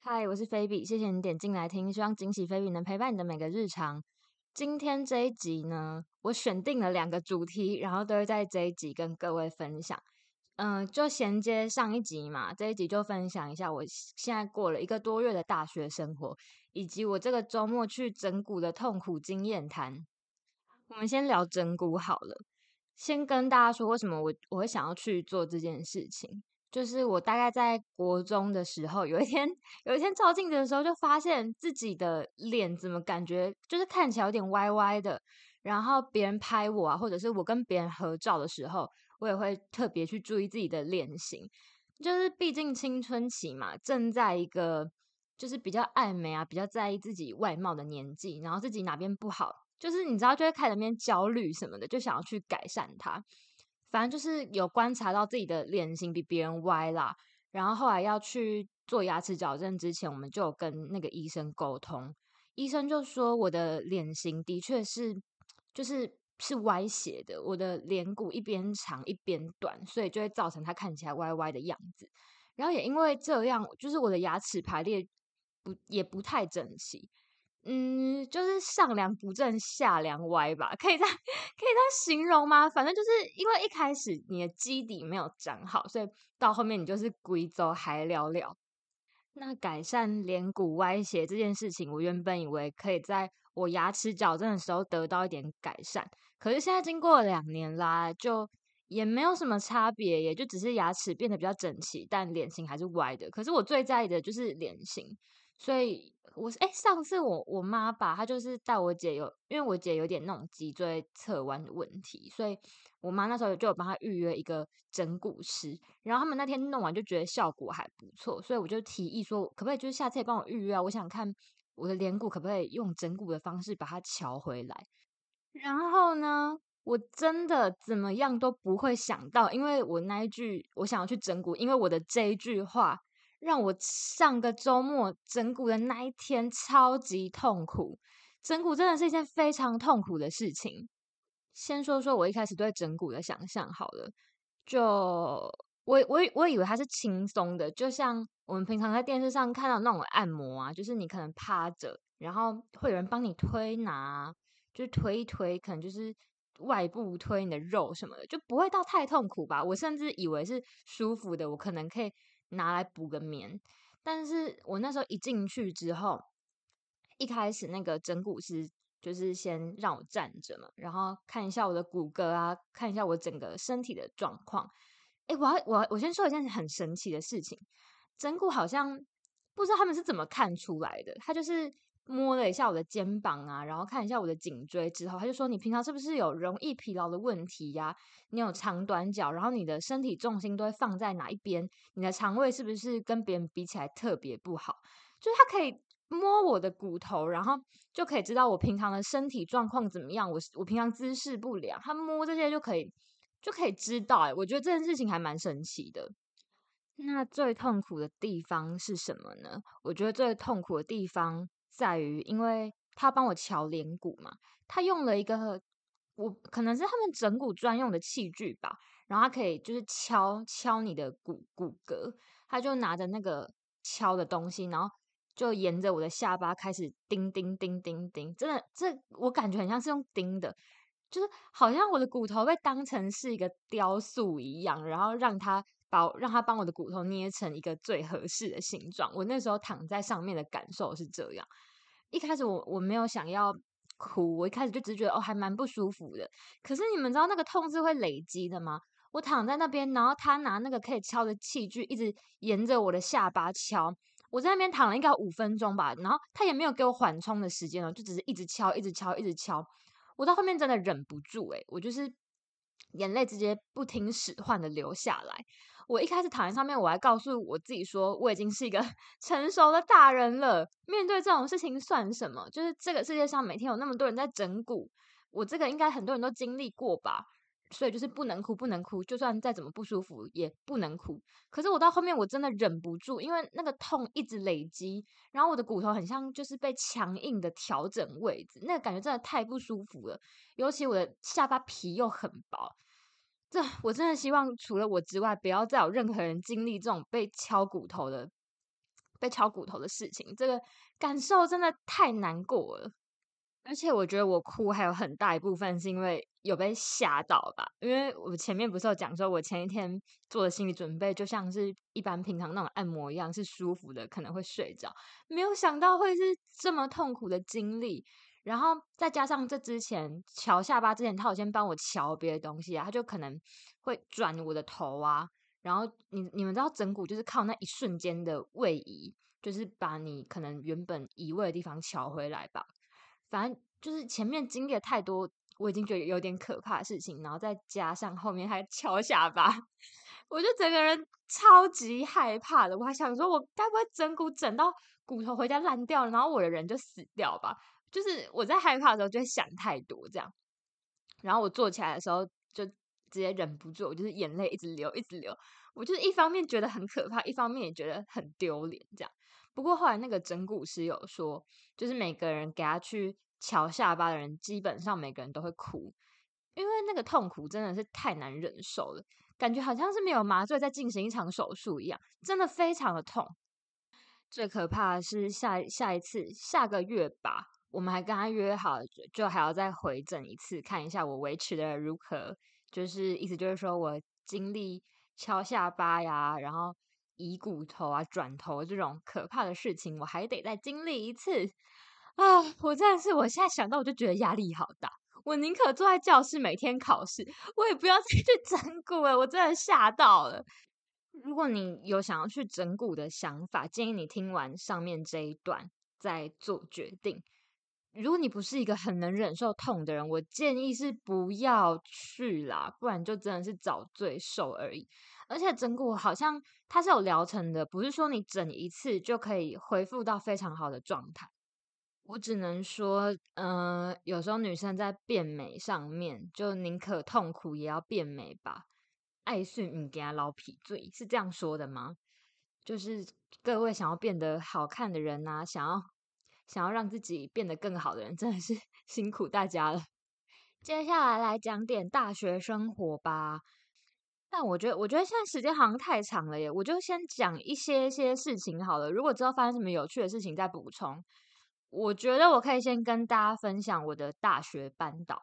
嗨，我是菲比，謝謝你點進來聽，希望今昔菲比能陪伴你的每個日常。今天這一集呢，我選定了兩個主題，然後都會在這一集跟各位分享。嗯、呃，就銜接上一集嘛，這一集就分享一下我現在過了一個多月的大學生活，以及我這個周末去整骨的痛苦經驗談。我們先聊整骨好了，先跟大家說為什麼我我會想要去做這件事情。就是我大概在國中的時候，有一天有一天照鏡子的時候，就發現自己的臉怎麼感覺就是看起來有點歪歪的。然後別人拍我啊，或者是我跟別人合照的時候，我也會特別去注意自己的臉型。就是畢竟青春期嘛，正在一個就是比較愛美啊，比較在意自己外貌的年紀。然後自己哪邊不好，就是你知道就會開始變焦慮什麼的，就想要去改善它。反正就是有觀察到自己的臉型比別人歪啦，然後後來要去做牙齒矯正之前，我們就有跟那個醫生溝通，醫生就說我的臉型的確是就是是歪斜的，我的臉骨一邊長一邊短，所以就會造成它看起來歪歪的樣子。然後也因為這樣，就是我的牙齒排列不也不太整齊。嗯，就是上梁不正下梁歪吧，可以這樣，可以這樣形容嗎？反正就是因為一開始你的基底沒有長好，所以到後面你就是鬼走還了了。那改善臉骨歪斜這件事情，我原本以為可以在我牙齒矯正的時候得到一點改善，可是現在經過兩年啦，就也沒有什麼差別，也就只是牙齒變得比較整齊，但臉型還是歪的。可是我最在意的就是臉型。所以我是哎、欸，上次我我媽吧，她就是帶我姐有，因為我姐有點那種脊椎側彎的問題，所以我媽那時候就有幫她預約一個整骨師。然後他們那天弄完就覺得效果還不錯，所以我就提議說，可不可以就是下次也幫我預約啊？我想看我的臉骨可不可以用整骨的方式把它喬回來。然後呢，我真的怎麼樣都不會想到，因為我那一句我想要去整骨，因為我的這一句話。讓我上個周末整骨的那一天超級痛苦，整骨真的是一件非常痛苦的事情。先說說我一開始對整骨的想象好了，就我我我以為它是輕鬆的，就像我們平常在電視上看到那種按摩啊，就是你可能趴着然後會有人幫你推拿，就推一推，可能就是外部推你的肉什麼的，就不會到太痛苦吧。我甚至以為是舒服的，我可能可以。拿來補個眠，但是我那時候一進去之後，一開始那個整骨師就是先讓我站着嘛，然後看一下我的骨骼啊，看一下我整個身體的狀況。哎，我要我要我先說一件很神奇的事情，整骨好像不知道他們是怎麼看出來的，他就是。摸了一下我的肩膀啊，然後看一下我的頸椎之後，他就說：“你平常是不是有容易疲勞的問題呀？你有長短腳，然後你的身體重心都會放在哪一邊？你的腸胃是不是跟別人比起來特別不好？”就是他可以摸我的骨頭，然後就可以知道我平常的身體狀況怎麼樣。我我平常姿勢不良，他摸這些就可以就可以知道，欸，我覺得這件事情還蠻神奇的。那最痛苦的地方是什麼呢？我覺得最痛苦的地方。在於，因為他幫我敲臉骨嘛，他用了一個我可能是他們整骨專用的器具吧，然後他可以就是敲敲你的骨骨骼，他就拿着那個敲的東西，然後就沿着我的下巴開始叮叮叮叮叮叮，真的這我感覺很像是用釘的，就是好像我的骨頭被當成是一個雕塑一樣，然後讓他把讓他幫我的骨頭捏成一個最合適的形狀，我那時候躺在上面的感受是這樣。一開始我我沒有想要哭，我一開始就只是覺得哦還蠻不舒服的。可是你們知道那個痛是會累積的嗎？我躺在那邊，然後他拿那個可以敲的器具，一直沿着我的下巴敲。我在那邊躺了應該有五分鐘吧，然後他也沒有給我緩衝的時間了，喔，就只是一直敲，一直敲，一直敲。我到後面真的忍不住，欸，誒我就是。眼淚直接不聽使喚的流下來。我一開始躺在上面，我還告訴我自己說，我已經是一個成熟的大人了，面對這種事情算什麼？就是這個世界上每天有那麼多人在整骨我，這個應該很多人都經歷過吧。所以就是不能哭，不能哭，就算再怎麼不舒服也不能哭。可是我到後面我真的忍不住，因為那個痛一直累積，然後我的骨頭很像就是被強硬的調整位置，那個感覺真的太不舒服了。尤其我的下巴皮又很薄，這我真的希望除了我之外，不要再有任何人經歷這種被敲骨頭的、被敲骨頭的事情。這個感受真的太難過了。而且我覺得我哭還有很大一部分是因為有被嚇到吧，因為我前面不是有講說，我前一天做的心理準備就像是一般平常那種按摩一樣是舒服的，可能會睡着，沒有想到會是這麼痛苦的經歷。然後再加上這之前喬下巴之前，他有先幫我喬別的東西啊，他就可能會轉我的頭啊。然後你你們知道整骨就是靠那一瞬間的位移，就是把你可能原本移位的地方喬回來吧。反正就是前面經歷了太多，我已經覺得有點可怕的事情，然後再加上後面還敲下巴，我就整個人超級害怕的。我還想說，我該不會整骨整到骨頭回家爛掉了，然後我的人就死掉吧？就是我在害怕的時候，就會想太多這樣。然後我坐起來的時候，就直接忍不住，我就是眼淚一直流，一直流。我就是一方面覺得很可怕，一方面也覺得很丟臉，這樣。不過後來那個整骨師有說，就是每個人給他去敲下巴的人，基本上每個人都會哭，因為那個痛苦真的是太難忍受了，感覺好像是沒有麻醉在進行一場手術一樣，真的非常的痛。最可怕的是下下一次，下個月吧，我們還跟他約好，就還要再回整一次，看一下我維持得如何，就是意思就是說我經歷敲下巴呀，然後。移骨頭啊，轉頭這種可怕的事情，我還得再經歷一次啊！我真的是，我現在想到我就覺得壓力好大。我寧可坐在教室每天考試，我也不要再去整骨了。我真的嚇到了。如果你有想要去整骨的想法，建議你聽完上面這一段再做決定。如果你不是一個很能忍受痛的人，我建議是不要去啦，不然就真的是找罪受而已。而且整骨好像。它是有療程的，不是說你整一次就可以恢復到非常好的狀態。我只能說，嗯、呃，有時候女生在變美上面，就寧可痛苦也要變美吧。愛水不驚流鼻水，是這樣說的嗎？就是各位想要變得好看的人吶、啊，想要想要讓自己變得更好的人，真的是辛苦大家了。接下來來講點大學生活吧。但我覺得，我覺得現在時間好像太長了耶。我就先講一些一些事情好了。如果之後發生什麼有趣的事情，再補充。我覺得我可以先跟大家分享我的大學班導，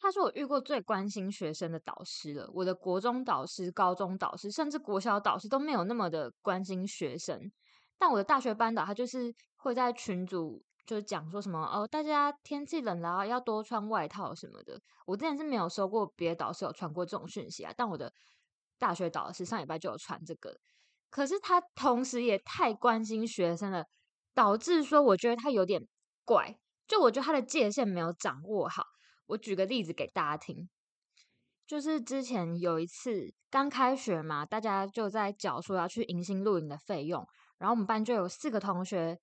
他是我遇過最關心學生的導師了。我的國中導師、高中導師，甚至國小導師都沒有那麼的關心學生。但我的大學班導，他就是會在群組就講說什麼哦，大家天氣冷啦，要多穿外套什麼的。我之前是沒有收過別的導師有傳過這種訊息啊，但我的。大學導師上禮拜就有傳這個，可是他同時也太關心學生了，導致說我覺得他有點怪，就我覺得他的界限沒有掌握好。我舉個例子給大家聽，就是之前有一次剛開學嘛，大家就在講說要去迎新露營的費用，然後我們班就有四個同學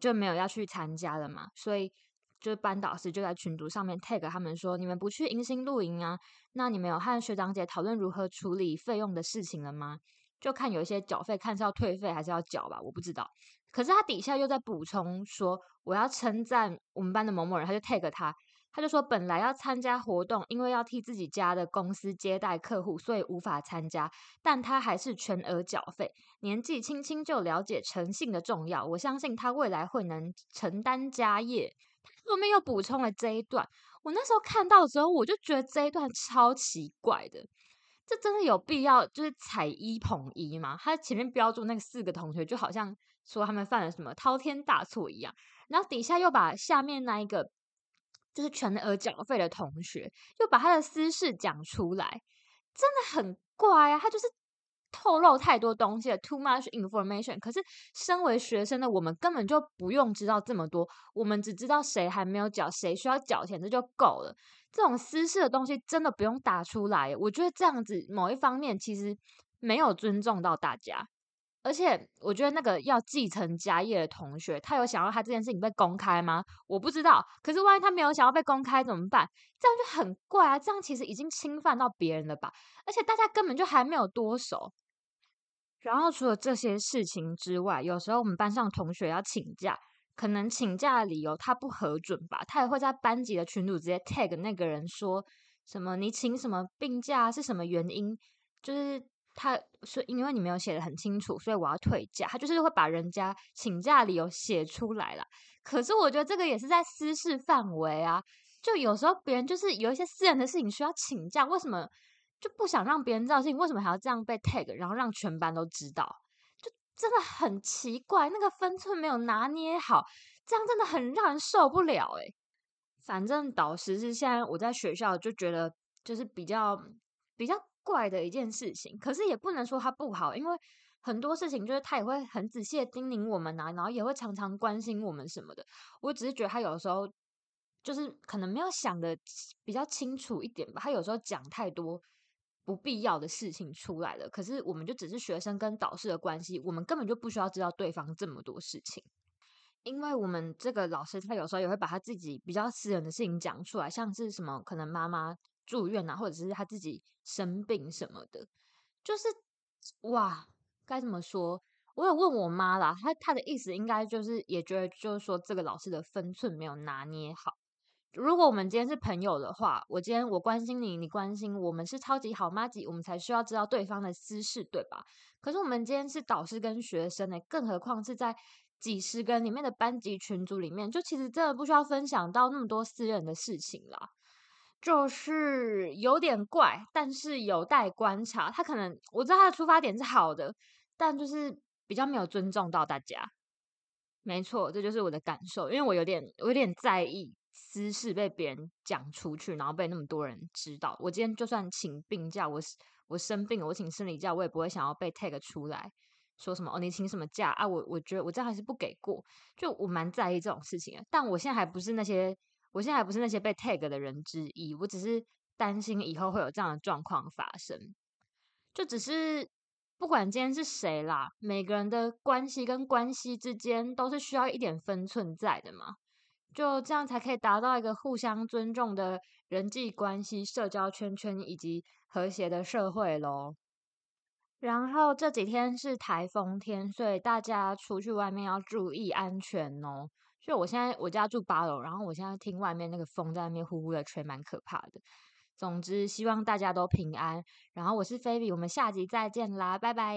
就沒有要去參加了嘛，所以。就是班導師就在群組上面 tag 他們說，你們不去迎新露營啊？那你們有和學長姐討論如何處理費用的事情了嗎？就看有一些繳費，看是要退費還是要繳吧，我不知道。可是他底下又在補充說，我要稱讚我們班的某某人，他就 tag 他，他就說本來要參加活動，因為要替自己家的公司接待客戶，所以無法參加，但他還是全額繳費。年紀輕輕就了解誠信的重要，我相信他未來會能承擔家業。後面又補充了這一段，我那時候看到的時候，我就覺得這一段超奇怪的。這真的有必要就是踩一捧一嘛？他前面標註那個四個同學，就好像說他們犯了什麼滔天大錯一樣，然後底下又把下面那一個就是全額繳費的同學，又把他的私事講出來，真的很怪啊，他就是。透露太多東西了，too much information。可是，身為學生的我們根本就不用知道這麼多，我們只知道誰還沒有繳，誰需要繳錢，這就夠了。這種私事的東西真的不用打出來。我覺得這樣子某一方面其實沒有尊重到大家，而且我覺得那個要繼承家業的同學，他有想要他這件事情被公開嗎？我不知道。可是萬一他沒有想要被公開怎麼辦？這樣就很怪啊！這樣其實已經侵犯到別人了吧？而且大家根本就還沒有多熟。然後除了這些事情之外，有時候我們班上同學要請假，可能請假的理由他不核准吧，他也會在班級的群組直接 tag 那個人說，什麼你請什麼病假是什麼原因，就是他說因為你沒有寫得很清楚，所以我要退假，他就是會把人家請假的理由寫出來了。可是我覺得這個也是在私事範圍啊，就有時候別人就是有一些私人的事情需要請假，為什麼？就不想讓別人知道事情，你為什麼還要這樣被 tag，然後讓全班都知道，就真的很奇怪，那個分寸沒有拿捏好，這樣真的很讓人受不了欸。反正導師是現在我在學校就覺得就是比較比較怪的一件事情，可是也不能說他不好，因為很多事情就是他也會很仔細的叮嚀我們啊，然後也會常常關心我們什麼的。我只是覺得他有時候就是可能沒有想的比較清楚一點吧，他有時候講太多。不必要的事情出來了，可是我們就只是學生跟導師的關係，我們根本就不需要知道對方這麼多事情。因為我們這個老師，他有時候也會把他自己比較私人的事情講出來，像是什麼可能媽媽住院啊，或者是他自己生病什麼的，就是哇，該怎麼說？我有問我媽啦，她他，他的意思應該就是也覺得就是說這個老師的分寸沒有拿捏好。如果我們今天是朋友的話，我今天我關心你，你關心我，我們是超級好麻吉，我們才需要知道對方的私事，對吧？可是我們今天是導師跟學生呢、欸，更何況是在幾十個人裡面的班級群組裡面，就其實真的不需要分享到那麼多私人的事情啦。就是有點怪，但是有待觀察。他可能我知道他的出發點是好的，但就是比較沒有尊重到大家。沒錯，這就是我的感受，因為我有點我有點在意。姿勢被別人講出去，然後被那麼多人知道。我今天就算請病假，我我生病，我請生理假，我也不會想要被 tag 出來說什麼哦。你請什麼假啊？我我覺得我這樣還是不給過。就我蠻在意這種事情啊。但我現在還不是那些，我現在還不是那些被 tag 的人之一。我只是擔心以後會有這樣的狀況發生。就只是不管今天是誰啦，每個人的關係跟關係之間都是需要一點分寸在的嘛。就這樣才可以達到一個互相尊重的人際關係、社交圈圈以及和諧的社會咯。然後這幾天是台風天，所以大家出去外面要注意安全哦。就我現在我家住八樓，然後我現在聽外面那個風在那邊呼呼的吹，蠻可怕的。總之，希望大家都平安。然後我是菲比，我們下集再見啦，拜拜。